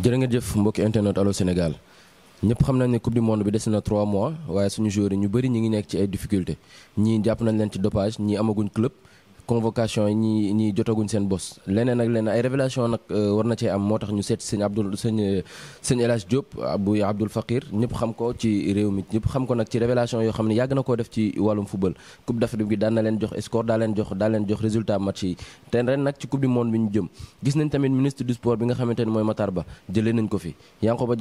jërë ngeen jëf mbokki internet Allô Sénégal ñëpp xam nañ ne coupe du monde bi des na 3 mois waaye suñu joueurs yi ñu bëri ñu ngi nekk ci ay difficultés ñii jàpp nañ leen ci dopage ñii amaguñ club convocation yi ñi ñi jotaguñ seen bos leneen ak leneen ay révélation nag euh, war na cee am moo tax ñu seet sëñ Abdoul sëñ sëñ El Hadj Diop Fakir ñëpp xam ko ci réew mi ñëpp xam ko nag ci révélation yoo xam ne yàgg na koo def ci wàllum football coupe d'Afrique bi daan na leen jox score daa jox daa jox résultat match yi te ren nag ci coupe du monde bi ñu jëm gis nañ tamit ministre du sport bi nga xamante mooy Matar Ba jëlee nañ ko fi Yankhoba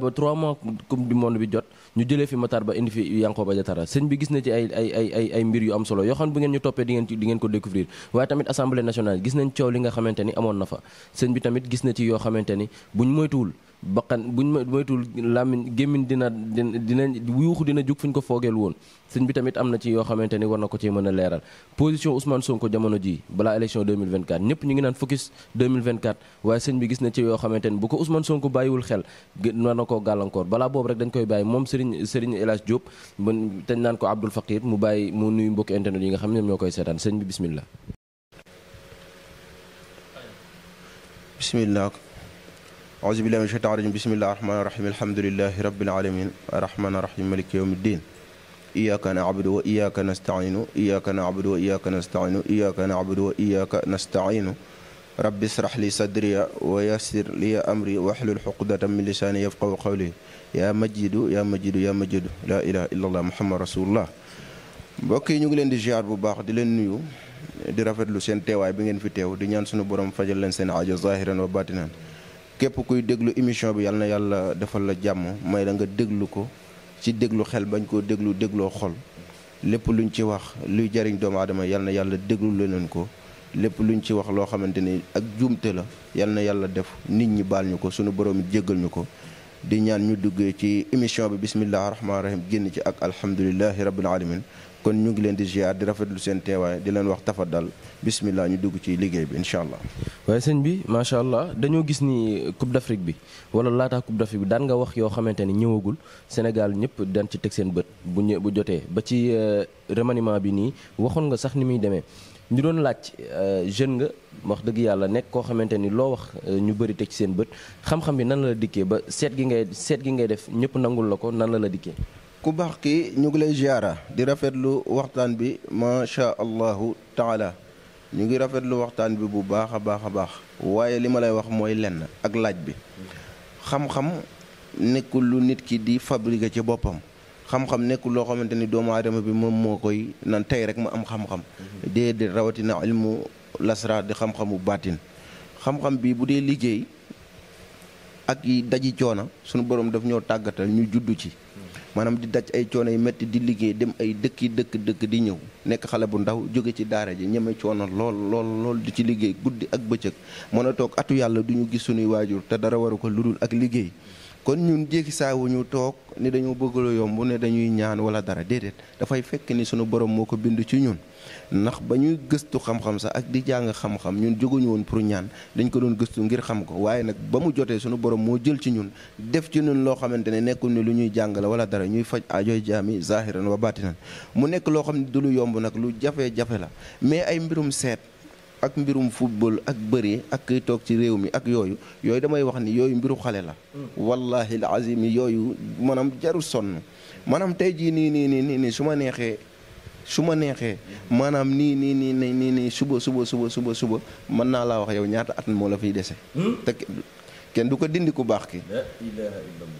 ba 3 jot ñu jëlee fi Matar Ba indi fi Yankoba Diatara sëñ bi gis na ci ay ay ay ay mbir yu am solo yoo xam bu ngeen ñu toppee di ngeen di ngeen ko découvrir waaye tamit assemblée nationale gis nañ coow li nga xamante ni amoon na fa sëñ bi tamit gis na ci yoo xamante ni buñ moytuwul bakkan buñ ma moytul làmmiñ gémmiñ dina dina yuuxu dina jug fuñ ko foogeel woon sëñ bi tamit am na ci yoo xamante ni war na ko ci mën a leeral position son Sonko jamono jii balaa élection 2024 ñëpp ñu ngi naan focus 2024 waaye sëñ bi gis na ci yoo xamante ni bu ko Ousmane Sonko bàyyiwul xel war na koo gàllankoor balaa boobu rek dañ koy bàyyi moom Serigne Serigne El Hadj Diop man naan ko Abdoul Fakir mu bàyyi mu nuyu mbokki internet yi nga xam ne ñoom ñoo koy seetaan sëñ bi bismillah auzu billahi mina shaytaani rajim bismillahi rahmaani rahim alhamdulilahi rabbil alamin arrahmaani arrahim maliki yawmi ddin iyyaka na'budu wa iyyaka nasta'inu iyyaka na'budu wa iyyaka nasta'inu iyyaka na'budu wa iyyaka nasta'inu rabbi israh li sadriya wa yassir li amri wahlul uqdatan min lisani yafqahu qawli yaa majidu yaa majidu yaa majidu laa ilaha illa allah muhammad rasulullah mbokk yi ñu ngi leen di ziar bu baax di leen nuyu di rafet lu teewaay bi ngeen fi teew di ñaan sunu borom fajal leen seen aajo zahiran wa batinan képp kuy déglu émission bi yal na yàlla defal la jàmm may da nga déglu ko ci déglu xel bañ koo déglu dégloo xol lépp lu luñ ci wax luy jariñ doomu aadama yal na yàlla déglu leneen ko lépp luñ ci wax loo xamante ni ak juumte la yal na yàlla def nit ñi baal ñu ko sunu borom jéggal ñu ko di ñaan ñu dugge ci émission bi bisimilah rahmaani rahim génn ci ak alhamdulilahi rabbil alamin kon ñu ngi leen di ziar di rafetlu seen teewaay di leen wax tafadal bismillah ñu dugg ci liggéey bi incha allah. waaye sëñ bi macha allah dañoo gis ni Coupe d'Afrique bi wala laataa Coupe d'Afrique bi daan nga wax yoo xamante ni ñëwagul Sénégal ñëpp daan ci teg seen bët bu ñë bu jotee ba ci euh, remaniement bi nii waxoon nga sax ni muy demee. ñu doon laaj euh, jeune nga wax dëgg yàlla nekk koo xamante ni loo wax euh, ñu bëri teg ci seen bët xam-xam bi nan la la dikkee ba seet gi ngay seet gi ngay def ñëpp nangul la ko nan la la dikkee. ku baax ki ñu ngi lay ziara di rafetlu waxtaan bi macha allahu taala ñu ngi rafetlu waxtaan bi bu baax a baax a baax waaye li ma lay wax mooy lenn ak laaj bi xam-xam nekkul lu nit ki di fabriquer ci boppam xam-xam nekkul loo xamante ni doomu aadama bi moom moo koy nan tey rek ma am xam-xam déedéet rawatina ilmu lasraar di xam-xamu baatin xam-xam bi bu dee liggéey ak yi daji coono sunu borom daf ñoo tàggatal ñu juddu ci maanaam di daj ay coono yu métti di liggéey dem ay dëkki dëkk dëkk di ñëw nekk xale bu ndaw jóge ci daara ji ñeme coono lool lool lool di ci liggéey guddi ak bëccëg mën a toog atu yàlla du ñu gis sunuy waajur te dara waru ko lu dul ak liggéey kon ñun jékki saa wu ñu toog ni dañoo bëgg lu yomb ne dañuy ñaan wala dara déedéet dafay fekk ni sunu borom moo ko bind ci ñun ndax ba ñuy gëstu xam-xam sax ak di jàng xam-xam ñun jóguñu woon pour ñaan dañ ko doon gëstu ngir xam ko waaye nag ba mu jotee sunu borom moo jël ci ñun def ci ñun loo xamante ne nekkul ni lu ñuy jàng la wala dara ñuy faj ajooy jaami zahiran wa batinan mu nekk loo xam ne du lu yomb nag lu jafe-jafe la mais ay mbirum seet ak mbirum football ak bëre ak kiy toog ci réew mi ak yooyu yooyu damay wax ni yooyu mbiru xale la wallahi alazim yooyu maanaam jaru sonn maanaam tey jii nii nii nii nii nii su ma neexee su ma neexee maanaam nii nii nii nii nii nii suba suba suba suba suba mën naa laa wax yow ñaata at moo la fi dese hmm? te kenn du ko dindi ku baax ki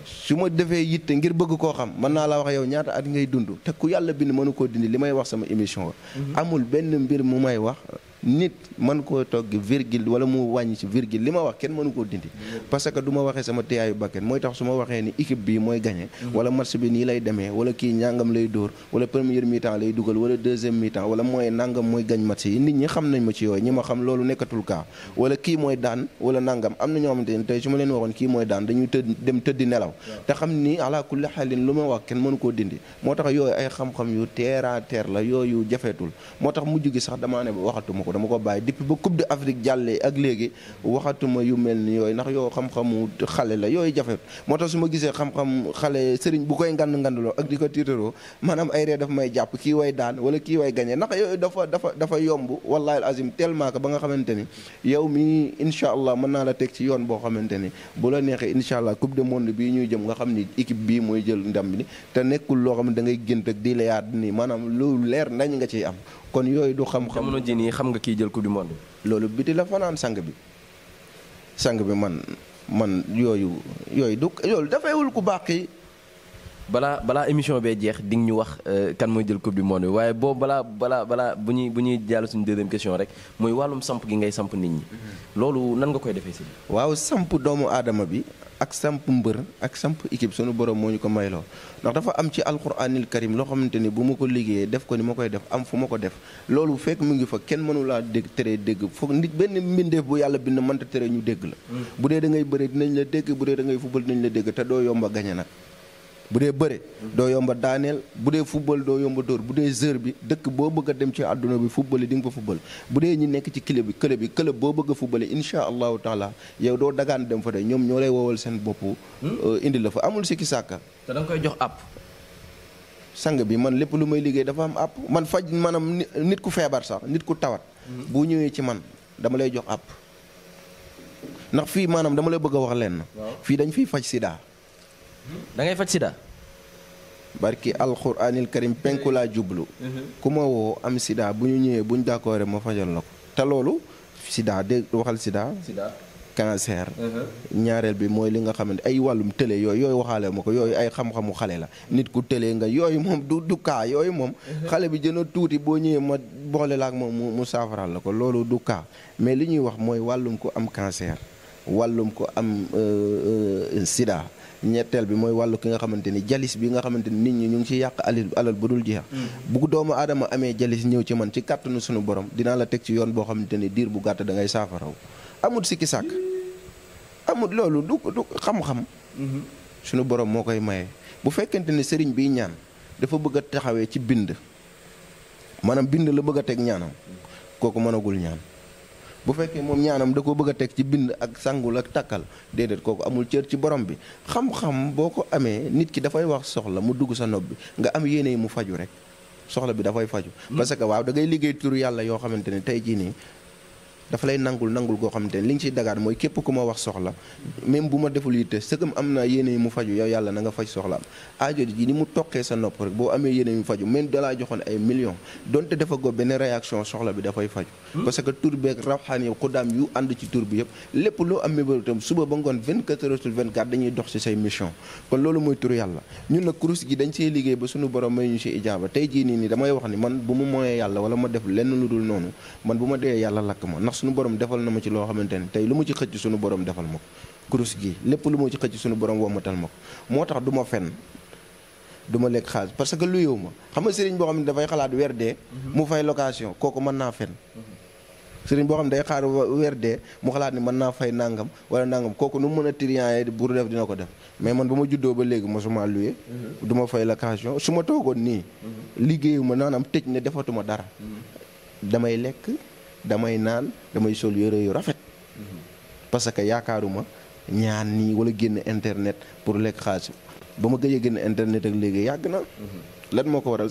su ma defee yitte ngir bëgg koo xam man naa laa wax yow ñaata at ngay dund te ku yàlla bind mënu koo dindi li may wax sama émission hmm? amul benn mbir mu may nit man koo togg virgule wala mu wàññi ci virgule li ma wax kenn mënu koo dindi parce que du ma waxee sama téyaayu bakken mooy tax su ma waxee ni équipe bi mooy gagné mm-hmm. wala match bi nii lay demee wala kii njàngam lay dóor wala première mi-temps lay dugal wala deuxième mi-temps wala mooy nàngam mooy gañ match yi nit ñi xam nañ ma ci yooyu ñi ma xam loolu nekkatul kaa wala kii mooy daan wala nangam am na ñoo xamante ne tey su ma leen waxoon kii mooy daan dañuy tëdd dem tëddi nelaw te xam ni ala kulli xaalin lu ma wax kenn mënu koo dindi moo tax yooyu ay xam yu terre la yooyu jafeetul moo tax mujj gi sax damaa ne waxatuma ko dama ko bàyyi depuis ba coupe d'Afrique jàllee ak léegi waxatuma yu mel ni yooyu ndax yoo xam-xamu xale la yooyu jafe moo tax su ma gisee xam-xam xale sëriñ bu koy ngand ngandloo ak di ko tiitaroo maanaam ay ree dafa may jàpp kii way daan wala kii way gañee ndax yooyu dafa dafa dafa yomb wallahi azim tellement que ba nga xamante ni yow mi incha allah mën naa la teg ci yoon boo xamante ni bu la neexee incha allah coupe du monde bii ñuy jëm nga xam ni équipe bii mooy jël ndam bi te nekkul loo xam ne da ngay gént ak di layaat ni maanaam lu leer nañ nga ciy am kon yooyu du xam-xam jamono ji nii xam nga kii jël coupe du monde. loolu biti la fanaan sang bi sang bi man man yooyu yooyu du loolu dafayul ku baax kii. balaa balaa émission bee jeex di ñu wax euh, kan mooy jël coupe du monde waaye boo balaa balaa balaa bu ñuy bu ñuy jàll suñu deuxième question rek mooy wàllum samp gi ngay samp nit ñi. Mm-hmm. loolu nan nga koy defee si. waaw samp doomu aadama bi ak samp mbër ak samp équipe sunu borom moo ñu ko mayloo ndax dafa am ci alquranil karim loo xamante ni bu ma ko liggéeyee def ko ni ma koy def am fu ma ko def loolu fekk mu ngi fa kenn mënula dégg tere dégg foog nit benn mbindeef bu yàlla bind mënta tere ñu dégg la mm. bu dee da ngay bëri dinañ la dégg bu dee da ngay fubal dinañ la dégg te doo yomba gañe nag bu dee bëre doo yomba daaneel bu dee football doo yomba dóor bu dee heure bi dëkk boo bëgg a dem ci àdduna bi football yi di nga fa football bu dee ñi nekk ci club bi club bi club boo bëgg a football yi insha allahu taala doo dagaan dem fa de ñoom ñoo lay seen bopp hmm? euh, indi la fa amul sikki sàkka te koy jox app sang bi man lépp lu may liggéey dafa am app man faj maanaam nit ku feebar sax nit ku tawat hmm? bu ñëwee ci man dama lay jox app ndax fii maanaam dama lay bëgg a wax leen na fii dañ fiy faj sida da ngay faj sida. barki alxuraanil karim penku laa jublu. Mhm. ku ma woo am sida bu ñu ñëwee bu ñu d'accord ma fajal la ko te loolu sida dégg waxal sida. sida mhm. ñaareel bi mooy li nga xamante ay wàllum télé yooyu yooyu waxaale ma ko yooyu ay xam-xamu xale la nit ku télé nga yooyu moom du dukkaa yooyu moom. Mhm. xale bi jën a tuuti boo ñëwee ma boole la ak moom mu mu saafaraal la ko loolu du mais li ñuy wax mooy wàllum ko am cancer wàllum ko am euh, euh, sida. ñetteel bi mooy wàllu ki nga xamante ni jalis bi nga xamante ni nit ñi ñu ngi ciy yàq alil alal bu dul jeex mm. bu doomu aadama amee jalis ñëw ci man ci kàttanu sunu borom dinaa la teg ci yoon boo xamante ni diir bu gàtt da ngay saafaraw amut sikki sàkk amut loolu du du xam-xam mm-hmm. sunu borom moo koy maye bu fekkente ni sëriñ biy ñaan dafa bëgg a taxawee ci bind maanaam bind la bëgg a teg ñaanam kooku mënagul ñaan bu fekkee moom ñaanam da ko bëgg teg ci bind ak sangul ak takkal déedéet kooku amul cër ci borom bi xam-xam boo ko amee nit ki dafay wax soxla mu dugg sa nopp bi nga am yéene yi mu faju rek soxla bi dafay faju mm. parce que waaw da liggéey turu yàlla yoo xamante ne tey jii nii dafa lay nangul nangul goo xamante ne li ñu ciy dagaat mooy képp ku ma wax soxla même bu ma deful yitte sëgam am naa yéene mu faju yow yàlla na nga faj soxla am aajo ji ni mu tokkee sa nopp rek boo amee yéene mu faju même dalaa joxoon ay millions donte dafa go benn réaction soxla bi dafay faju hmm? parce que tur beeg rawxaan yi xudaam yu ànd ci tur bi yëpp lépp loo am mébéru suba ba ngoon 24 heures sur 24 dañuy dox ci say mission kon loolu mooy tur yàlla ñun gi dañ see liggéey ba suñu borom may ñu ci ijaaba nii nii damay wax ni man bu mu yàlla wala ma def lenn lu dul noonu man ma dee yàlla lakk ma ndax suñu borom defal na ma ci loo xamante ne tey lu ma ci xëcc suñu borom defal ma ko kurus gi lépp lu ma ci xëcc suñu borom womatal ma ko moo tax du ma fenn du ma lekk xaalis parce que lu yow ma xam nga sëriñ boo xam ne dafay xalaat weer dee mhm. mu fay kooku mën naa fen sëriñ boo xam ne day xaar weer dee mu xalaat ni mën naa fay nangam wala nangam kooku nu mu mën a triant pour def dina ko def mais man ba ma juddoo ba léegi mosuma loué mhm. du fay location suma ma toogoon nii mhm. liggéeyu ma naanaam tëj ne defatuma dara damay lekk damay naan damay sol yére yu rafet parce que yaakaaruma ñaan nii wala génn internet pour lekk xaalis ba ma gëj a génn internet ak léegi yàgg na lan moo ko waral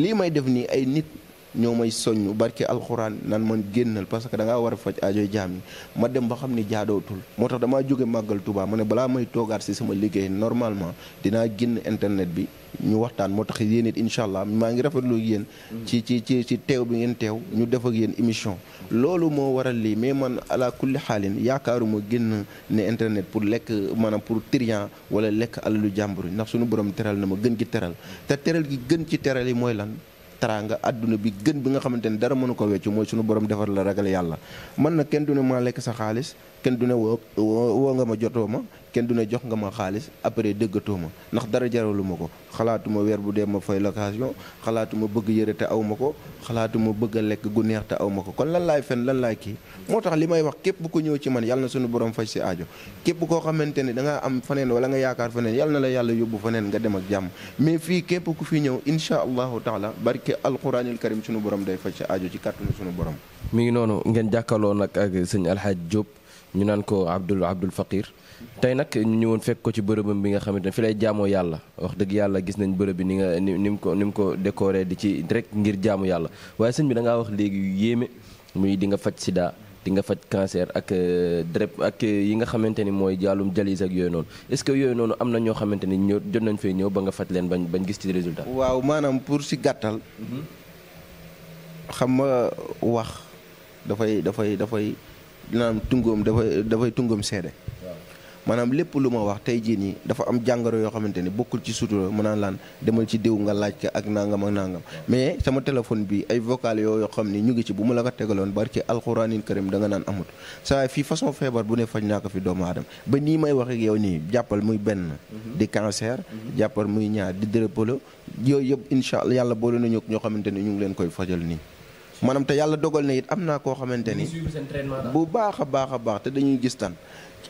lii may def nii ay nit ñoo may soññ barke alxuraan nan man génnal parce que da war a faj aajoy jaam ma dem ba xam ni jaadootul moo tax damaa jóge màggal Tuubaa ma ne balaa may toogaat si sama liggéey normalement dinaa génn internet bi ñu waxtaan moo tax yéen it incha allah maa ngi rafetlu yéen. ci ci ci ci teew bi ngeen teew. ñu def ak yéen émission. loolu moo waral lii mais man ala kulli xaalin yaakaaruma génn ne internet pour lekk maanaam pour trian wala lekk alalu jàmbur ndax suñu borom teral na ma gën gi teral te teral gi gën ci teral yi mooy lan. teraanga àdduna bi gën bi nga xamante ne dara mënu ko wecc mooy suñu borom defar la ragal yàlla man na kenn du ne maa lekk sa xaalis kenn du ne woo woo nga ma jotoo ma kenn du ne jox nga ma xaalis après dëggatoo ma ndax dara jaralu ma ko xalaatuma weer bu dee ma fay location xalaatuma bëgg yëre te aw ma ko xalaatuma bëgg lekk gu neex te aw ma ko kon lan laay fen lan laay kii moo tax li may wax képp ku ñëw ci man yàlla na suñu borom faj si aajo képp koo xamante ne da nga am faneen wala nga yaakaar faneen yal na la yàlla yóbbu faneen nga dem ak jàmm mais fii képp ku fi ñëw insha allahu taala barke alquranil karim suñu borom day faj si ci kàttanu suñu borom mi ngi noonu ngeen jàkkaloo nag ñu naan ko Abdul Abdul Fakir tey nag ñu ñëwoon fekk ko ci bërëbam bi nga xamante fi lay jaamoo yàlla wax dëgg yàlla gis nañ bërëb bi ni nga ni ni mu ko ni ko décoré di ci direk ngir jaamu yàlla waaye sëñ bi da ngaa wax léegi yu yéeme muy di nga faj sida di nga faj cancer ak euh, drep ak euh, yi nga xamante ni mooy jàllum jalis ak yooyu noonu est-ce que yooyu noonu am na ñoo xamante ni ñoo jot nañ fay ñëw ba nga faj leen bañ bañ gis ci résultat. waaw maanaam pour si gàttal. Mm-hmm. nga wax dafay dafay. dina tungoom dafay dafay tungoom seede maanaam lépp lu ma wax tey jii nii dafa am jàngoro yoo xamante ne bokkul ci sutura mu naan laan demal ci diw nga laaj ka ak nangam ak nangam mais sama téléphone bi ay vocal yoo yoo xam ne ñu ngi ci bu ma la ko tegaloon bari ci alxuraanin karim da naan amut saa fii façon feebar bu ne faj naa ko fi doom aadama ba nii may wax ak yow nii jàppal muy benn mhm. di cancer jàppal muy ñaar di dérépolo yooyu yëpp incha allah yàlla boole nañu ñoo xamante ne ñu ngi leen koy fajal nii maanaam te yàlla dogal na it am naa koo xamante ni bu baax a baax a baax te dañuy gis tan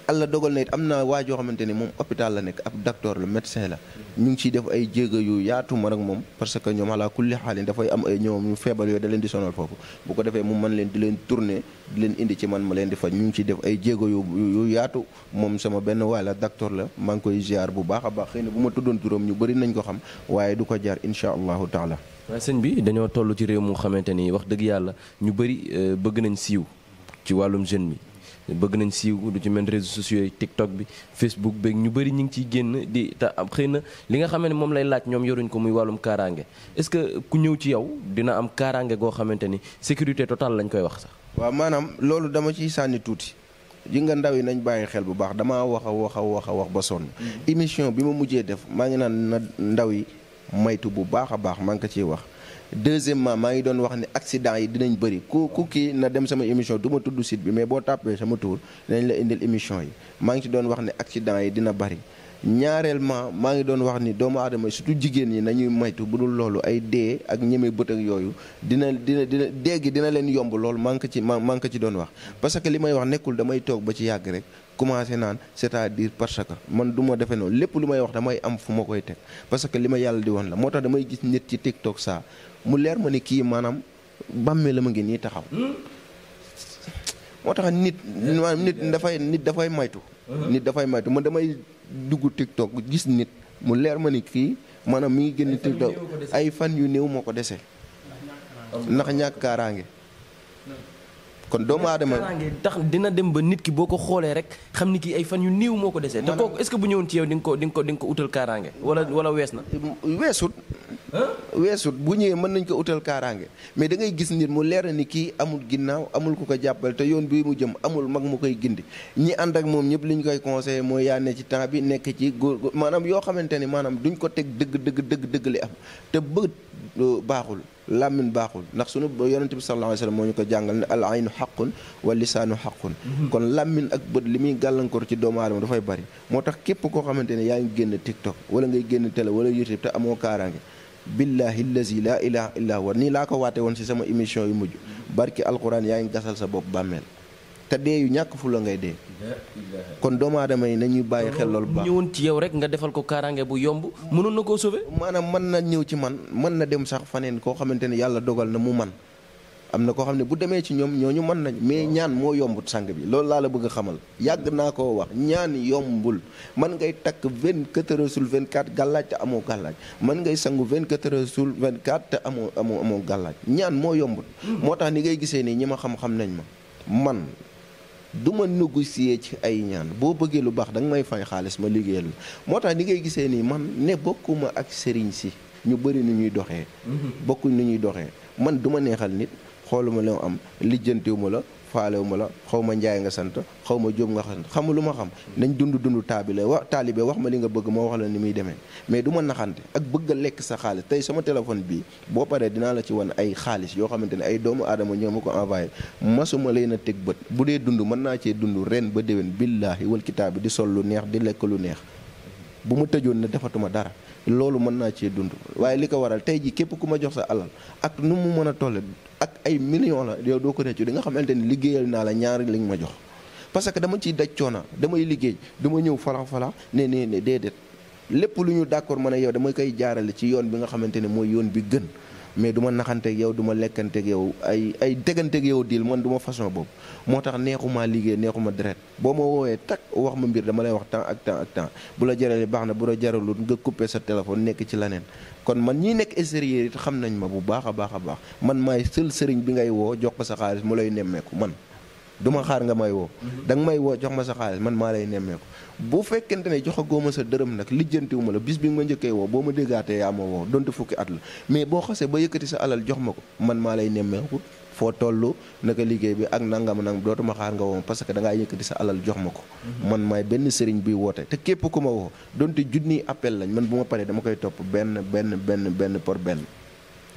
yàlla dogal na it am naa waa joo xamante ni moom hôpital la nekk ab docteur la médecin la ñu ngi ciy def ay jéego yu yaatu man moom parce que ñoom ala kulli xaalin dafay am ay ñoom ñu feebal yooyu da leen di sonal foofu bu ko defee mu mën leen di leen tourner di leen indi ci man ma leen di faj ñu ngi ciy def ay jéego yu yu yaatu moom sama benn waay la docteur la maa ngi koy ziar bu baax a baax xëy na bu ma tuddoon juróom ñu bari nañ ko xam waaye du ko jaar incha allahu taala waaw sëñ bi dañoo toll ci réew mu xamante ni wax dëgg yàlla ñu bëri euh, bëgg nañ siiw ci wàllum jeune bi bëgg nañ siiw du ci mel réseaux sociaux yi TikTok bi Facebook beeg ñu bëri ñu ngi ciy génn di te am xëy na li nga xamante ni moom lay laaj ñoom yoruñ ko muy wàllum kaaraange est-ce que ku ñëw ci yow dina am kaaraange goo xamante ni sécurité totale lañ koy wax sax. waa maanaam loolu dama ciy sànni tuuti. ji nga ndaw yi nañ bàyyi xel bu baax damaa wax a wax a wax a wax ba sonn. Mm-hmm. émission bi maa ngi ndaw yi maytu bu baax a baax maa ngi ko ciy wax deuxièmement maa ngi doon wax ni accident yi dinañ bëri ku ku kii na dem sama émission du ma tudd site bi mais boo tàppee sama tour dinañ la indil émission yi maa ngi ci doon wax ne accident yi dina bëri ñaareellement maa ngi doon wax ni doomu aadama surtout jigéen ñi nañuy maytu bu dul loolu ay dee ak ñeme bët ak yooyu dina dina dina dee dina leen yomb loolu maa ngi ko ci maa ngi ko ci doon wax. parce que li may wax nekkul damay toog ba ci yàgg rek commencé naan c'est-à-dire parce que man duma ma defee noonu lépp lu may wax damay am fu ma koy teg parce que li ma yàlla di woon la moo tax damay gis nit ci TikTok saa mu leer ma ne kii maanaam bàmmee la ma ngi nii taxaw. Hmm? moo tax nit. nit dafay nit dafay maytu. nit dafay maytu man damay dugg TikTok gis nit mu leer ma ni kii maanaam mi ngi génn TikTok ay fan yu néew moo ko dese. ndax ñàkk kaaraange. kon doomu aadama tax dina dem ba nit ki boo ko xoolee rek xam ni kii ay fan yu néew moo ko desee te kooku est-ce que bu ñëwoon ci yow di nga ko di nga ko di nga ko utal kaaraange wala wala wees na. weesut. weesut bu ñëwee mën nañ ko utal kaaraange mais da ngay gis nit mu leer ni kii amul ginnaaw amul ku ko jàppale te yoon bii mu jëm amul mag mu koy gindi ñi ànd ak moom ñëpp li ñu koy conseillé mooy yaa ci temps bi nekk ci góor maanaam yoo xamante ni maanaam duñ ko teg dëgg dëgg dëgg dëgg li am te bët euh, baaxul làmmiñ baaxul ndax sunu yonent bi sallallahu alayhi moo ñu ko jàngal ne al aynu xaqun wa lisaanu xaqun mhm. kon làmmiñ ak bët li muy gàllankoor ci doomu aadama dafay bari moo tax képp koo xamante ne yaa ngi génn TikTok wala ngay génn télé wala YouTube te amoo kaaraange billahi allazi laa ilaha illa huwa nii laa ko waate woon ci sama émission yu mujj barki alquran yaa ngi gasal sa bopp bàmmeel te dee yu ñàkk fu ngay dee kon doomu aadama yi nañuy bàyyi xel loolu baax ñëwoon ci yow rek nga defal ko kaaraange bu yomb mënoon na koo sauver maanaam mën na ñëw ci man mën na dem sax faneen koo xamante ne yàlla dogal na mu man am na koo xam ne bu demee ci ñoom ñoo ñu mën nañ mais ñaan moo yombut sang bi loolu laa la bëgg xamal yàgg naa koo wax ñaan yombul man ngay takk 24 heures sur 24 gàllaaj te amoo gàllaaj man ngay sangu 24 heures sur 24 te amoo amoo amoo gàllaaj ñaan moo yombut hmm. moo tax ni ngay gisee nii ñi ma xam-xam nañ ma man du ma négocier ci ay ñaan boo bëggee lu baax da nga may fay xaalis ma liggéeyal la moo tax ni ngay gisee nii man ne bokkuma ak sëriñ si ñu bëri nu ñuy doxee hmm. nu ñuy doxee man du ma neexal nit xooluma li ma am lijjantiwuma la faalewuma la xaw ma njaay nga sant xaw ma jóob nga sant xamu lu ma xam nañ dund dund taabile wa taalibe wax ma li nga bëgg ma wax la ni muy demee mais duma naxante ak bëgg a lekk sa xaalis tey sama téléphone bii boo paree dinaa la ci wan ay xaalis yoo xamante ne ay doomu aadama ñoo ma ko envoyé masuma leen teg bët bu dee dund mën naa cee dund ren ba déwén billaahi wal kitaab bi di sol lu neex di lekk lu neex bu mu tëjoon ne defatuma dara loolu mën naa cee dund waaye li ko waral tey ji képp ku ma jox sa alal ak nu mu mën a toll ak ay millions la yow doo ko réccu di nga xamante ni liggéeyal naa la ñaari liñ ma jox parce que dama ciy daj coona damay liggéey dama ñëw fala-fala ne ne ne déedéet lépp lu ñu d'accord ma ne yow dama koy jaarale ci yoon bi nga xamante ne mooy yoon bi gën mais du ma naxanteeg yow duma ma lekkanteeg yow ay ay teganteeg yow diil man duma façon boobu moo tax neexumaa liggéey neexuma deret boo ma woowee tak wax ma mbir dama lay wax temps ak temps bu la jaralee baax na bu la jaralul nga coupé sa téléphone nekk ci leneen kon man ñi nekk extérieur it xam nañ ma bu baax a baax a baax man maay seul sëriñ bi ngay woo jox ko sa xaalis mu lay nemmeeku man du ma xaar nga may woo mhm. danga may woo jox ma sa xaalis man maa lay nemmeeku bu fekkente ne joxagoo ma sa dërëm nag lijjantiwu la bis bi nga ma njëkkee woo boo ma déggaatee yaa ma woo donte fukki at la mais boo xasee ba yëkkati sa alal jox ma ko man maa lay nemmeeku foo toll naka liggéey bi ak nangam nangam dootuma xaar nga woo parce que da ngaa yëkkati sa alal jox ma ko mhm. man maay benn sëriñ bi woote te képp ku ma woo donte junniy appel lañ man bu ma paree dama koy topp benn benn benn benn por benn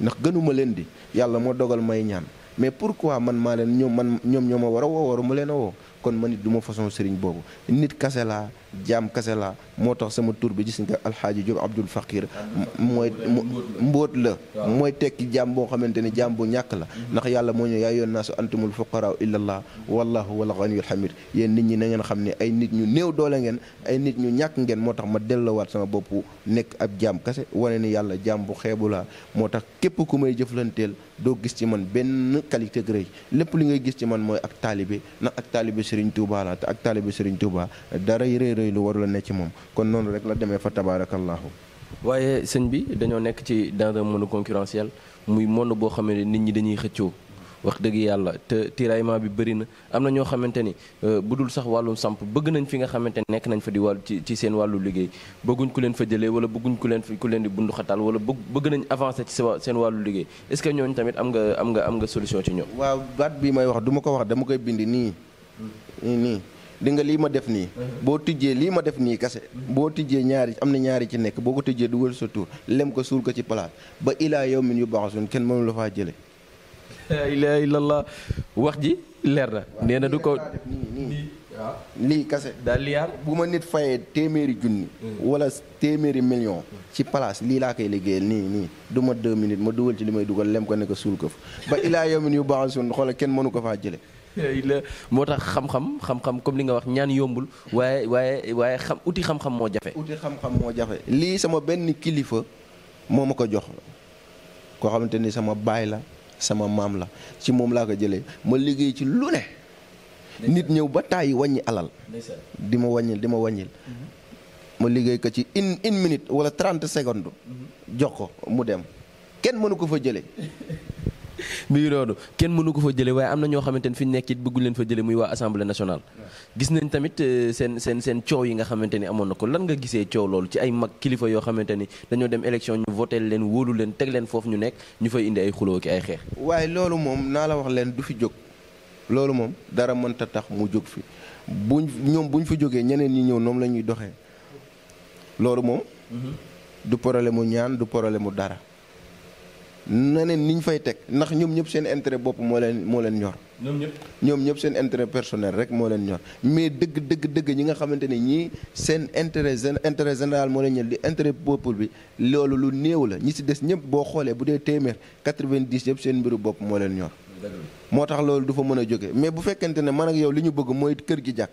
ndax gënuma leen di yàlla moo dogal may ñaan mais pourquoi man maa leen ñoom man ñoom ñoo ma war a woo waru leen a woo kon ma nit du ma façon sëriñ boobu nit kase laa jaam kase laa moo tax sama tuur bi gis nga alxaaji Jóob Abdul Fakir mooy mbóot la mooy tekki jaam boo xamante ne jaam bu ñàkk la ndax yàlla moo ñu yaa yoon naa su antumul fuqaraa illallah wallahu wal ganiyul hamid yéen nit ñi na ngeen xam ne ay nit ñu néew doole ngeen ay nit ñu ñàkk ngeen moo tax ma delloo waat sama boppu nekk ab jaam kase wane ni yàlla jaam bu xeebu laa moo tax képp ku may jëflanteel doo gis ci man benn qualité lépp li ngay gis ci man mooy ak taalibe Serigne Touba la te ak taalibe Serigne Touba dara moom kon noonu rek la demee fa tabaarakallaahu waaye bi dañoo nekk ci dans un monde muy monde boo xam ne nit ñi dañuy xëccoo wax dëgg yàlla te tiraillement bi bëri na am na ñoo xamante ni euh, bu dul sax wàllum samp bëgg nañ fi nga xamante ne nekk nañ fa di wàllu ci ci seen wàllu liggéey bëgguñ ku leen fa jëlee wala bëgguñ ku leen fi ku leen di bunduxatal wala bëgg bëgg nañ avancer ci seen wàllu liggéey est-ce que ñooñu tamit am nga am nga am nga solution ci ñoom. waaw baat bi may wax du ma ko wax dama koy bind nii. nii nii di lii ma def nii mhm. boo tijjee lii ma def nii kase mhm. boo tijjee ñaari am na ñaari ci nekk boo ko tijjee dugal sa tur lem ko suul ko ci palaat ba ilaa yow min yu baxasun kenn mënu la faa jële laa ilaaha wax ji leer na nee na du ko lii kase daal liyaar bu ma nit fayee téeméeri junni mhm. wala million ci lii laa koy liggéeyal nii nii du ma deux minutes ma dugal ci li may dugal lem ko ne ko suul ko fa ba ilaa yow min yu baxasun xoola kenn mënu ko faa jële moo tax xam-xam xam-xam comme li nga wax ñaan yombul waaye waaye waaye xam uti xam-xam moo jafe. uti xam moo jafe lii sama benn kilifa moo ma ko jox koo xamante ni sama baay la sama maam la ci moom laa ko jëlee ma liggéey ci lu ne. nit ñëw ba tàyyi wàññi alal. di ma wàññil di ma wàññil. Mm-hmm. ma liggéey ko ci une une minute wala trente secondes. Mm-hmm. jox ko mu dem kenn mënu ko fa jële mi ngi kenn mënu ko fa jële waaye am na ñoo xamante ne fi ñu nekk it bëggu leen fa jëlee muy waa assemblée nationale. gis nañ tamit euh, seen seen seen coow yi nga xamante ni amoon na ko lan nga gisee coow loolu ci ay mag kilifa yoo xamante ni dañoo dem élection ñu voté leen wóolu leen teg leen foofu ñu nekk ñu fay indi ay xuloo ki ay xeex. waaye loolu moom naa la wax leen du fi jóg loolu moom dara mënta tax mu jóg fi bu ñoom buñ fi jógee ñeneen ñi ñëw noonu la ñuy doxee loolu moom. Mm-hmm. du problème mu ñaan du problème mu dara. naneen ni ñu fay teg ndax ñoom ñëpp seen intérêt bopp moo leen moo leen ñor. ñoom ñëpp ñëpp seen intérêt personnel rek moo leen ñor mais dëgg dëgg dëgg ñi nga xamante ne ñii seen intérêt intérêt général moo leen ñor di intérêt peuple bi loolu lu néew la ñi si des ñëpp boo xoolee bu dee téeméer 90 yëpp seen mbiru bopp moo leen ñor. moo tax loolu du fa mën a jóge mais bu fekkente ne mën ak yow li ñu bëgg mooy kër gi jàkk.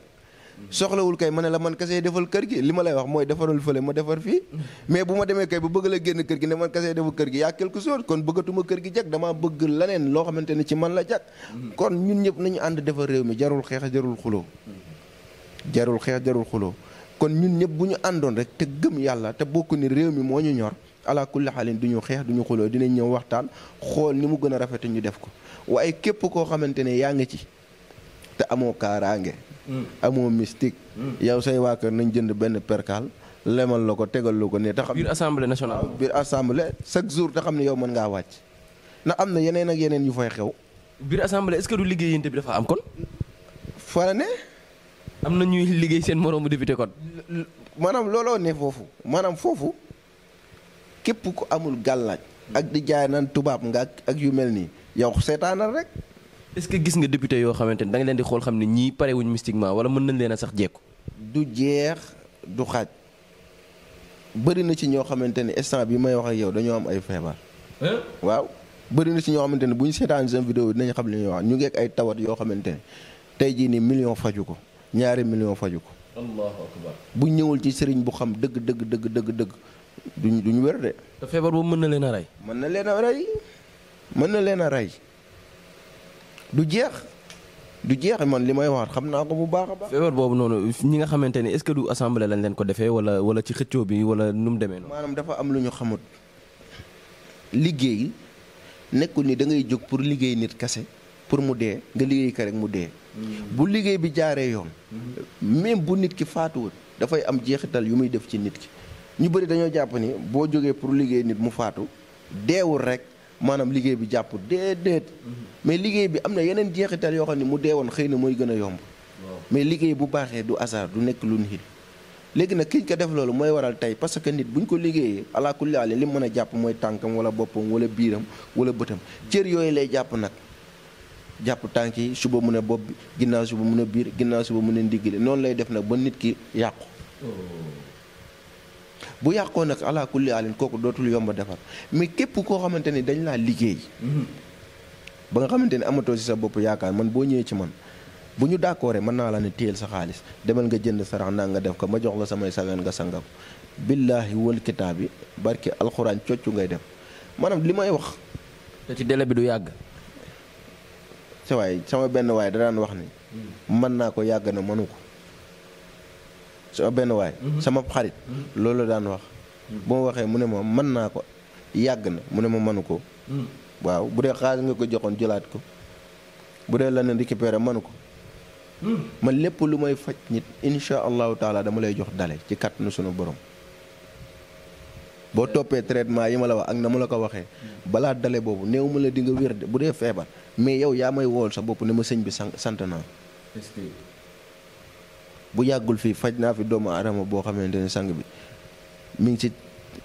soxlawul kay ma ne la man kese defal kër gi li ma lay wax mooy defaral fële ma defar fii mais bu ma demee kay bu bëgg la génn kër gi ne man kese defal kër gi yaa quelque chose kon bëggatuma kër gi jag damaa bëgg leneen loo xamante ne ci man la jag kon ñun ñëpp nañu ànd defar réew mi jarul xeex jarul xuloo jarul xeex jarul xuloo kon ñun ñëpp bu ñu àndoon rek te gëm yàlla te bokk ni réew mi moo ñu ñor ala kulli xaalin du ñu xeex duñu ñu xuloo dinañ ñëw waxtaan xool ni mu gën a rafete ñu def ko waaye képp koo xamante ne yaa ngi ci te amoo kaaraange amoo mystique. yow say waa kër nañ jënd benn percal lemal la ko tegal la ko ne te xam. biir assemblée nationale. biir assemblée chaque jour te xam ne yow mën ngaa wàcc. na am na yeneen ak yeneen yu fay xew. biir assemblée est-ce que du bi dafa am kon. fara ne. am na ñuy liggéey seen moroomu député kon. maanaam looloo ne foofu maanaam foofu képp ku amul gàllaaj ak di jaay naan tubaab nga ak yu mel nii yow seetaanal rek. est-ce gis nga député yoo xamante ni da nga leen di xool xam ne ñii pare wuñ mystiquement wala mën nañ leen a sax jekku du jeex du xaaj bëri na ci ñoo xamante ni instant bi may wax ak yow dañoo am ay feebar. waaw bëri na ci ñoo xamante ni bu ñu seetaan seen vidéo dinañ xam li ñuy wax ñu ngi ay tawat yoo xamante ni tey jii nii million faju ko ñaari million faju ko. allahu bu ñëwul ci sëriñ bu xam dëgg dëgg dëgg dëgg duñu duñ duñ de. feebar boobu mën na leen a rey. mën na leen a rey mën na leen a rey. du jeex du jeex man li may waxaat xam naa ko bu baax a baax. feebar boobu noonu ñi nga xamante ne est-ce que du assemblée lañ leen ko defee wala wala ci xëccoo bi wala nu mu demee noonu. maanaam dafa am lu ñu xamut liggéey nekkul ni da ngay jóg pour liggéey nit kese pour mu dee nga liggéey ka rek mu dee. Hmm. bu liggéey bi jaaree yoon. Hmm. même bu nit ki faatuwul dafay am jeexital yu muy def ci nit ki. ñu bëri dañoo jàpp ni boo jógee pour liggéey nit mu faatu deewul rek. maanaam liggéey bi jàpp déedéet mais liggéey bi am na yeneen jeexital yoo xam ne mu dee woon xëy na mooy gën a yomb mais liggéey bu baaxee du hasard du nekk lu nit léegi nag kiñ ko def loolu mooy waral tey parce que nit buñ ko liggéeyee ala kulli haal li mën a jàpp mooy tànkam wala boppam wala biiram wala bëtam cër yooyu lay jàpp nag jàpp tànk yi suba mu ne bopp bi ginnaaw suba mu ne biir ginnaaw suba mu ne ndigg li noonu lay def nag ba nit ki yàqu bu yàqoo nag ala kulli alin kooku dootul yomb defar mais képp koo xamante ni dañ laa liggéey. ba nga xamante ni amatoo ci sa bopp yaakaar man boo ñëwee ci man bu ñu d'accordé mën naa la ne téyel sa xaalis demal nga jënd sarax naa nga def ko ma jox la samay sagan nga sangam billaahi wal kitaab bi barki alxuraan coccu ngay def maanaam li may wax. te ci délai bi du yàgg. sa waay sama benn waay da daan wax ni. Hmm. mën naa ko yàgg na mënu ko. sama benn waay. Mhm. sama xarit. Mhm. loolu la daan wax. bu ma waxee mu ne ma mën naa ko yàgg na mu ne ma mënu ko. Mhm. waaw bu dee xaalis nga ko joxoon jolaat ko bu dee leneen récupéré mënu ko. man lépp lu may faj nit insha allahu taala dama lay jox dale ci kat kàttanu sunu borom. boo toppee traitement yi ma la wax ak na ma la ko waxee balaa dale boobu néew ma la di nga wér de bu dee feebar mais yow yaa may wool sa bopp ne ma sëñ bi sant naa. bu yàggul fii faj naa fi doomu aadama boo xamante ne sang bi mi ngi ci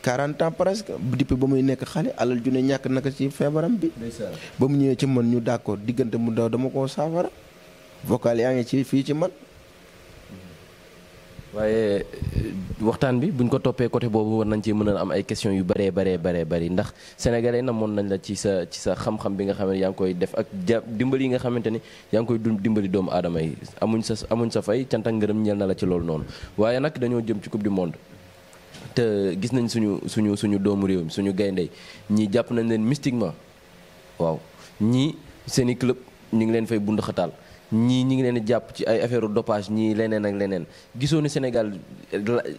40 ans presque depuis ba muy nekk xale alal ju ñàkk naka ci feebaram bi. ba mu ñëwee ci man ñu d'accord diggante mu daw dama koo saafara vocal yaa ngi fii ci man. waaye eh, waxtaan bi buñ ko toppee côté boobu war nañ ci mën a am ay questions yu bëree bare bare bëri ndax sénégalais namoon nañ la ci sa ci sa xam-xam bi nga xam ne yaa ngi koy def ak ja dimbali yi nga xamante ni yaa ngi koy dimbali doomu aadama yi amuñ sa amuñ sa fay cant ak ngërëm ñeel na la ci loolu noonu waaye nag dañoo jëm ci coupe du monde te gis nañ suñu suñu suñu doomu réew suñu gayndey ñii jàpp nañ leen mystiquement waaw ñii seen i club ñu ngi leen fay bund xataal ñii ñi ngi leen di jàpp ci ay affaire dopage ñii leneen ak leneen gisoo ni Sénégal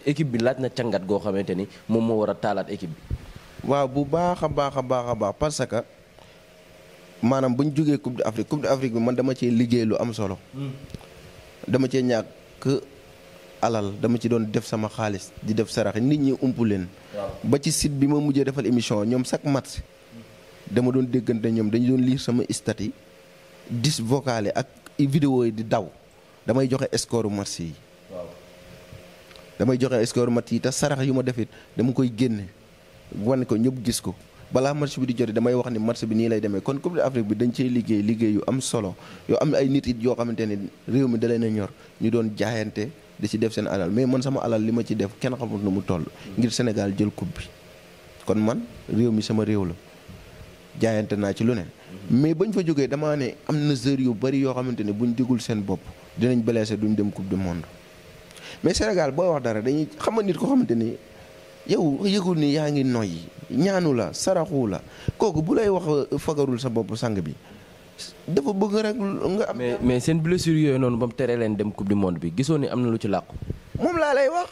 équipe bi laaj na càngat goo xamante ni moom moo war a taalaat équipe bi. waaw bu baax a baax a baax a baax parce que maanaam bu ñu jógee coupe d'Afrique coupe d'Afrique bi man dama cee liggéey lu am solo. Hmm. dama cee ñàkk alal dama ci doon def sama xaalis di def sarax nit ñi ump leen. ba ci site bi ma mujjee defal émission ñoom chaque match. Hmm. dama doon déggante ñoom dañu doon lire sama stat yi. dis ak vidéo yi di daw damay joxe score match yi damay joxe score match yi te sarax yu ma defit dama koy génne wane ko ñëpp gis ko balaa match bi di jotee damay wax ni match bi nii lay demee kon Coupe d'Afrique bi dañ cee liggéey liggéey yu am solo yoo am ay nit it yoo xamante ne réew mi da leen ñor ñu doon jaayante di ci def seen alal mais man sama alal li ma ci def kenn xamut na mu toll ngir Sénégal jël coupe bi kon man réew mi sama réew la jaayante naa ci lu ne mais bañ fa jógee damaa ne am na joueurs yu bari yoo xamante ne buñ digul seen bopp dinañ blessé duñ dem coupe du monde mais Sénégal booy wax dara dañuy xam nga nit ko xamante ni yow yëgul ni yaa ngi noyyi ñaanu la saraxu la kooku bu lay wax euh, fagarul sa bopp sang bi dafa bëgg rek nga am. mais mais seen blessure yooyu noonu ba mu teree leen dem coupe du monde bi gisoo ni am na lu ci làqu. moom laa lay wax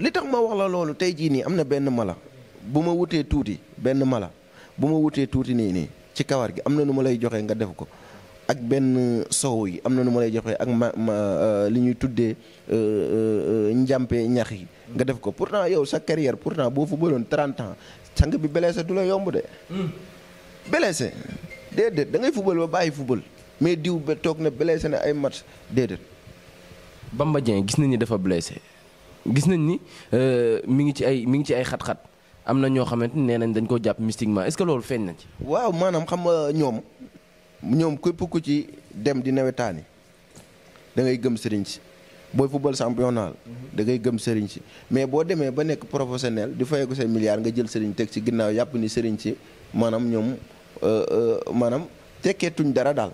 li tax ma wax la loolu tey jii nii am na benn mala bu ma wutee tuuti benn mala bu ma wutee tuuti nii nii. ci kawar gi am na nu ma lay joxe nga def ko ak benn sow yi am na nu ma lay joxe ak ma ma euh, li ñuy tuddee euh, euh, njàmpe ñax yi. nga def ko pour pourtant yow sa pour pourtant boo footballoon 30 ans sang bi blessé du la yomb de. Hmm. blessé déedéet da ngay football ba bàyyi football mais diw ba toog na blessé na ay mat déedéet. Bamba gis nañ ni dafa blessé gis nañ ni mu ngi ci ay mi ngi ci ay xat-xat. am na ñoo xamante ne nee nañ dañ ko jàpp mystiquement est-ce que loolu feeñ na ci. waaw maanaam xam nga ñoom ñoom képp ku ci dem di nawetaani da ngay gëm sëriñ si booy football championnat da ngay gëm sëriñ si mais boo demee ba nekk professionnel di fayee ko say milliards nga jël sëriñ teg ci ginnaaw yàpp ni sëriñ si maanaam ñoom euh, euh, maanaam tekkeetuñ dara daal.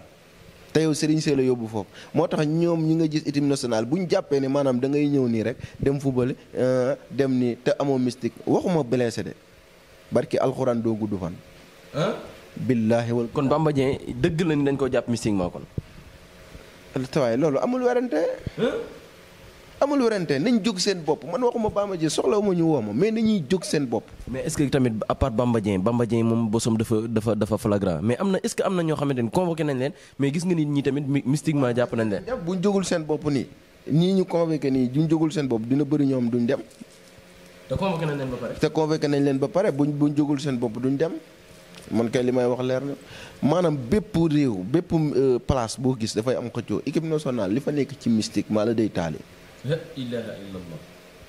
te yow Serigne Seye la yóbbu foofu moo tax ñoom ñi nga gis équipe nationale bu ñu jàppee ne maanaam dangay ngay ñëw nii rek dem fubale euh, dem nii te amoo mystique waxuma blessé de barki alxuraan doo gudd fan. billaahi wal kon Bamba Dieng dëgg la dañ koo jàpp mystique maa kon. waaye loolu amul werante amul werante nañ jóg seen bopp man waxuma Bamba Dieng soxla ma ñu woo ma mais nañuy jóg seen bopp. mais est-ce que tamit à part Bamba moom bosom dafa dafa dafa mais am na est-ce que am na ñoo xamante ne convoqué nañ leen mais gis nga nit ñi tamit mystiquement leen. buñ seen bopp nii ñii ñu convoqué nii buñ jógul seen bopp dina bëri ñoom duñ dem. te convoqué nañ leen te convoqué nañ leen ba pare buñ buñ jógul seen bopp duñ dem. man kay li may wax leer na maanaam bépp réew bépp euh, place boo gis dafay am xëccoo équipe nationale li fa nekk ci mystique maa la day taali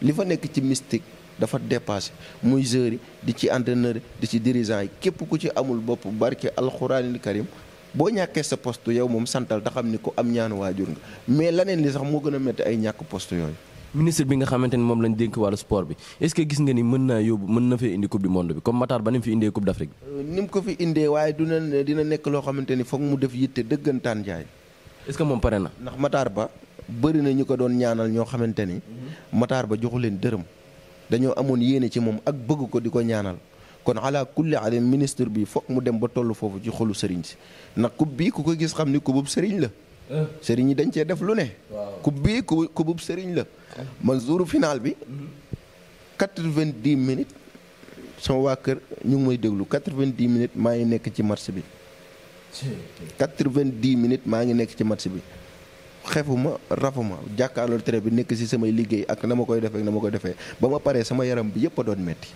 li fa nekk ci mystique dafa dépassé muy joueurs di ci entraîneur di ci dirigeant yi képp ku ci amul bopp barke alxuraanil karim boo ñàkkee sa post yow moom santal te xam ni ko am ñaanu waajur nga mais leneen li sax moo gën a métti ay ñàkk post yooyu. ministre bi nga xamante ni moom lañ dénk wàllu sport bi est-ce que gis nga ni mën naa yóbbu mën na fee indi coupe du monde bi comme Matar ba ni mu fi indee coupe d'Afrique euh, ni mu ko fi indee waaye du ne dina nekk loo xamante ni foog mu def yitte dëggantaan jaay. est-ce que pare na. ndax Matar ba bëri na ñu ko doon ñaanal ñoo xamante ni mataar ba joxu leen dërëm dañoo amoon yéene ci moom ak bëgg ko di ko ñaanal kon ala kulli alim ministre bi foog mu dem ba toll foofu ci xolu sëriñ si ndax kub bii ku ko gis xam ni kubub sëriñ la eh. sëriñ yi dañ cee def lu ne kub bii ku kubub sëriñ la man jour final bi quatre-vingt-dix minutes sama waa kër ñu ngi may déglu quatre-vingt-dix minutes maa ngi nekk ci match bi quatre-vingt-dix minutes maa ngi nekk ci match bi xefuma rafuma jàkkaarloo tere bi nekk ci samay liggéey ak na ma koy defee na ma koy defee ba ma paree sama yaram bi yëpp doon metti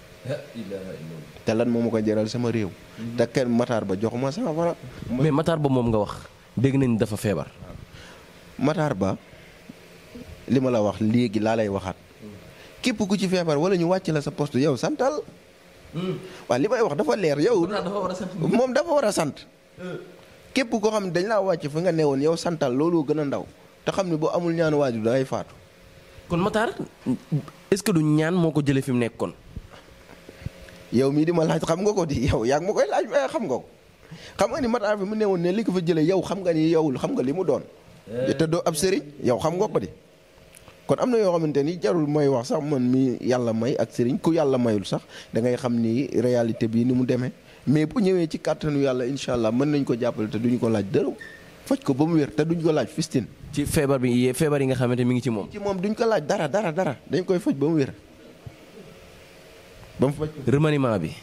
te lan moom ma ko jaral sama réew mhm. te kenn Matar Ba joxuma sama fara mais Matar Ba moom nga wax dégg nañ dafa feebar Ba li ma la wax léegi laa lay waxaat képp ku ci feebar wala ñu wàcc la sa poste yow santal hmm. waaw li may wax dafa leer yow moom dafa war a sant hmm. képp koo xam ne dañ laa wàcc fi nga newoon yow santal loolu gën a ndaw te xam ne boo amul ñaanu waajur da ngay faatu. kon Matar est-ce que du ñaan moo ko jëlee fi mu nekk kon. yow mii di ma laaj xam nga ko di yow yaa ma koy laaj mais xam nga ko xam nga ni Matar fi ne woon ne li ko fa jëlee yow xam ni yow xam nga li mu doon. Eh. te doo ab sëriñ yow xam nga ko di. kon am na yoo xamante ni jarul may wax sax man mii yàlla may ak sëriñ ku yàlla mayul sax da ngay xam ni réalité bii ni mu demee mais bu ñëwee ci kàttanu yàlla incha allah mën nañ ko jàppale te duñu ko laaj dërëm. foj ko ba mu wér te duñ ko laaj fistine ci feebar bi feebar yi nga xamante mi ngi ci moom. ci moom duñ ko laaj dara dara dara dañ koy faj ba mu wér. ba mu faj remaniement bi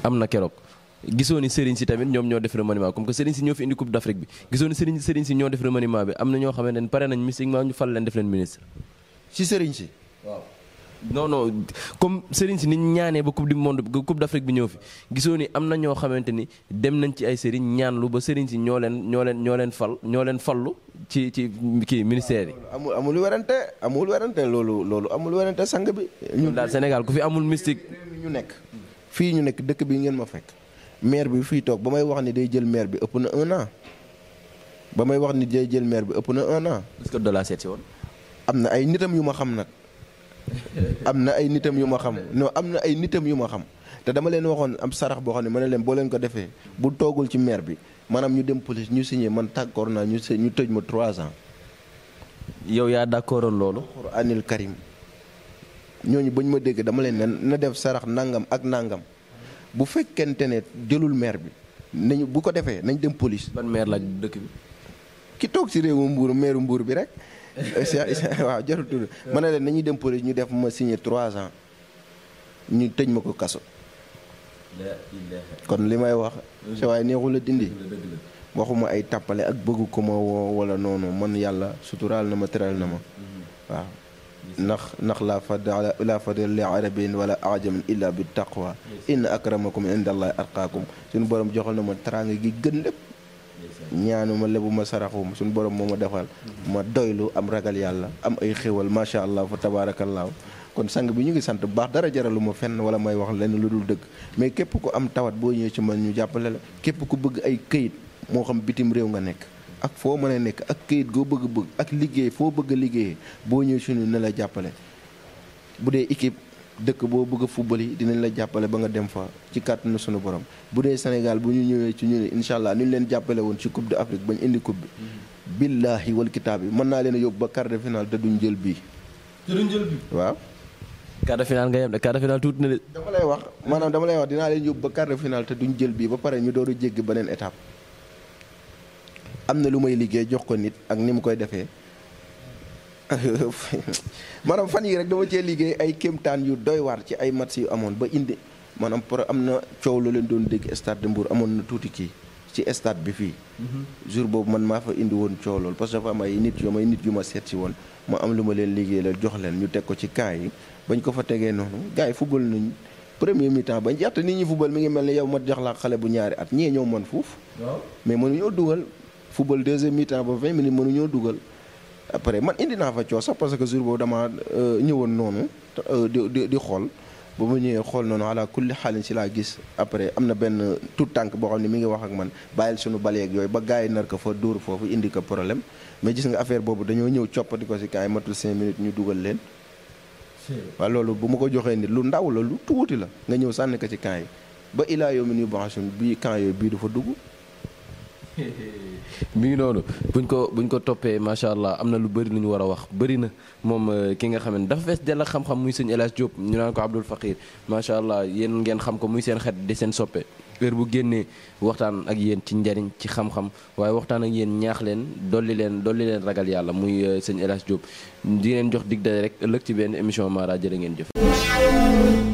am na keroog. gisoo ni Serigne si tamit ñoom ñoo def remaniement comme que Serigne si ñoo fi indi Coupe d'Afrique bi si ñoo def remaniement bi am na ñoo xamante ne pare nañ mystiquement ñu fal leen def leen ministre. si Serigne si waaw. non non comme sëriñ si ni ñaanee ba coupe du monde ba coupe d' Afrique bi ñëw fi gisoo ni am na ñoo xamante ni dem nañ ci ay sëriñ lu ba sëriñ si ñoo leen ñoo leen ñoo leen fal ñoo leen fallu ci ci kii ministère yi. amul amul werante amul werante loolu loolu amul werante sang bi. ñu daal Sénégal ku fi amul mystique. ñu nekk fii ñu nekk dëkk bi ngeen ma fekk maire bi fii toog ba may wax ni day jël maire bi ëpp na un ba may wax ni day jël maire bi ëpp na un parce que da laa seet si woon. am na ay nitam yu ma xam nag. am na ay nitam yu ma xam non am na ay nitam yu ma xam te dama leen waxoon am sarax boo xam ne ma ne leen boo leen ko defee bu toogul ci maire bi maanaam ñu dem police ñu signé man tàkkoor naa ñu se ñu tëj ma trois ans. yow yaa d'accordoon loolu. Alxuraanil Karim ñooñu ba ñu ma dégg dama leen ne na def sarax nangam ak nangam bu fekkente ne jëlul maire bi nañu bu ko defee nañ dem police. ban maire dëkk bi. ki toog si réewum mbuur meeru mbuur bi rek. waaw jarul ma ne leen nañuy dem police ñu def ma signé trois ans ñu tëj ma ko kaso kon li may wax sa waay neexul a dindi waxuma ay tàppale ak bëgg ko ma woo wala noonu man yàlla suturaal na ma teral na ma mm-hmm. waaw ndax ndax laa fa fadala laa fadala li arabin wala ajamin illa bi taqwa inna akramakum inda allahi atqaakum suñu borom joxal na ma teraanga gi gën ñaanu ma ñaanuma lebuma saraxuma suñu borom moo ma defal ma doylu am ragal yàlla am ay xéwal macha allah fa tabaarakallaahu kon sang bi ñu ngi sant bu baax dara jaralu ma fenn wala may wax lenn lu dul dëgg mais képp ko am tawat boo ñëwee ci man ñu jàppale la képp ku bëgg ay këyit moo xam bitim réew nga nekk ak foo mën a nekk ak këyit goo bëgg bëgg ak liggéey foo bëgg a liggéeyee boo ñëw suñu ne jàppale bu dee équipe dëkk boo bëgg a yi dinañ la jàppale ba nga dem fa ci kàttanu suñu borom bu dee Sénégal bu ñu ñëwee ci ñu incha allah ni ñu leen jàppale woon ci coupe d'Afrique bañ indi coupe bi. Mm-hmm. billahi wal kitaab bi mën naa leen a ba quart de finale jël bii. waaw. quart de finale nga yem de quart de finale tuuti na de. dama lay wax maanaam dama lay wax dinaa leen yóbbu ba quart de finale te duñ jël bii ba pare ñu door a jéggi beneen étape. am na lu may liggéey jox ko nit ak ni mu koy defee. maanaam fan yi rek dama cee liggéey ay kéemtaan yu doy waar ci ay match yu amoon ba indi maanaam pour am na coow lu leen doon dégg stade de Mbour amoon na tuuti kii ci stade bi fii. Mhm. jour boobu man maa fa indi woon coow lool parce que dafa am ay nit yu may nit yu ma seet si woon ma am lu ma leen liggéey la jox leen ñu teg ko ci camp yi bañ ko fa tegee noonu gars yi football nañu premier mi ba bañ jàtt nit ñi football mi ngi mel ni yow ma jox la xale bu ñaari at ñee ñoo mën fuuf. mais mënuñoo dugal football deuxième mi-temps ba 20 minutes mënuñoo dugal. après man indi naa fa coow sax parce que jour boobu damaa euh, ñëwoon noonu euh, di di xool ba mu ñëwee xool noonu ala kulli xaalin si laa gis après am na benn tout tànk boo xam ne mu ngi wax ak man bàyyil suñu baleeg yooyu ba gars yi nar ko fa dóor foofu indi ko problème ma gis nga affaire boobu dañoo ñëw coppati ko si kaay matul 5 minutes ñu dugal leen. waa loolu bu ma ko joxee nit lu ndaw la lu tuuti la nga ñëw sànni ko ci camp yi ba ilaa yow mi nuy bii ka yooyu bii dafa dugg mi ngi noonu buñ ko buñ ko toppee macha allah am na lu bëri lu ñu war a wax bëri na moom euh, ki nga xam ne dafa fees dell ak xam-xam muy sëñ El Hadj Diop ñu naan ko Abdoul Fakir macha allah yéen ngeen xam ko muy seen xet di seen soppe heure bu génnee waxtaan ak yéen ci njariñ ci xam-xam waaye waxtaan ak yéen ñaax leen dolli leen dolli leen ragal yàlla muy euh, sëñ El Hadj Diop di leen jox dig daje rek ëllëg ci benn émission Mara jërë ngeen jëf.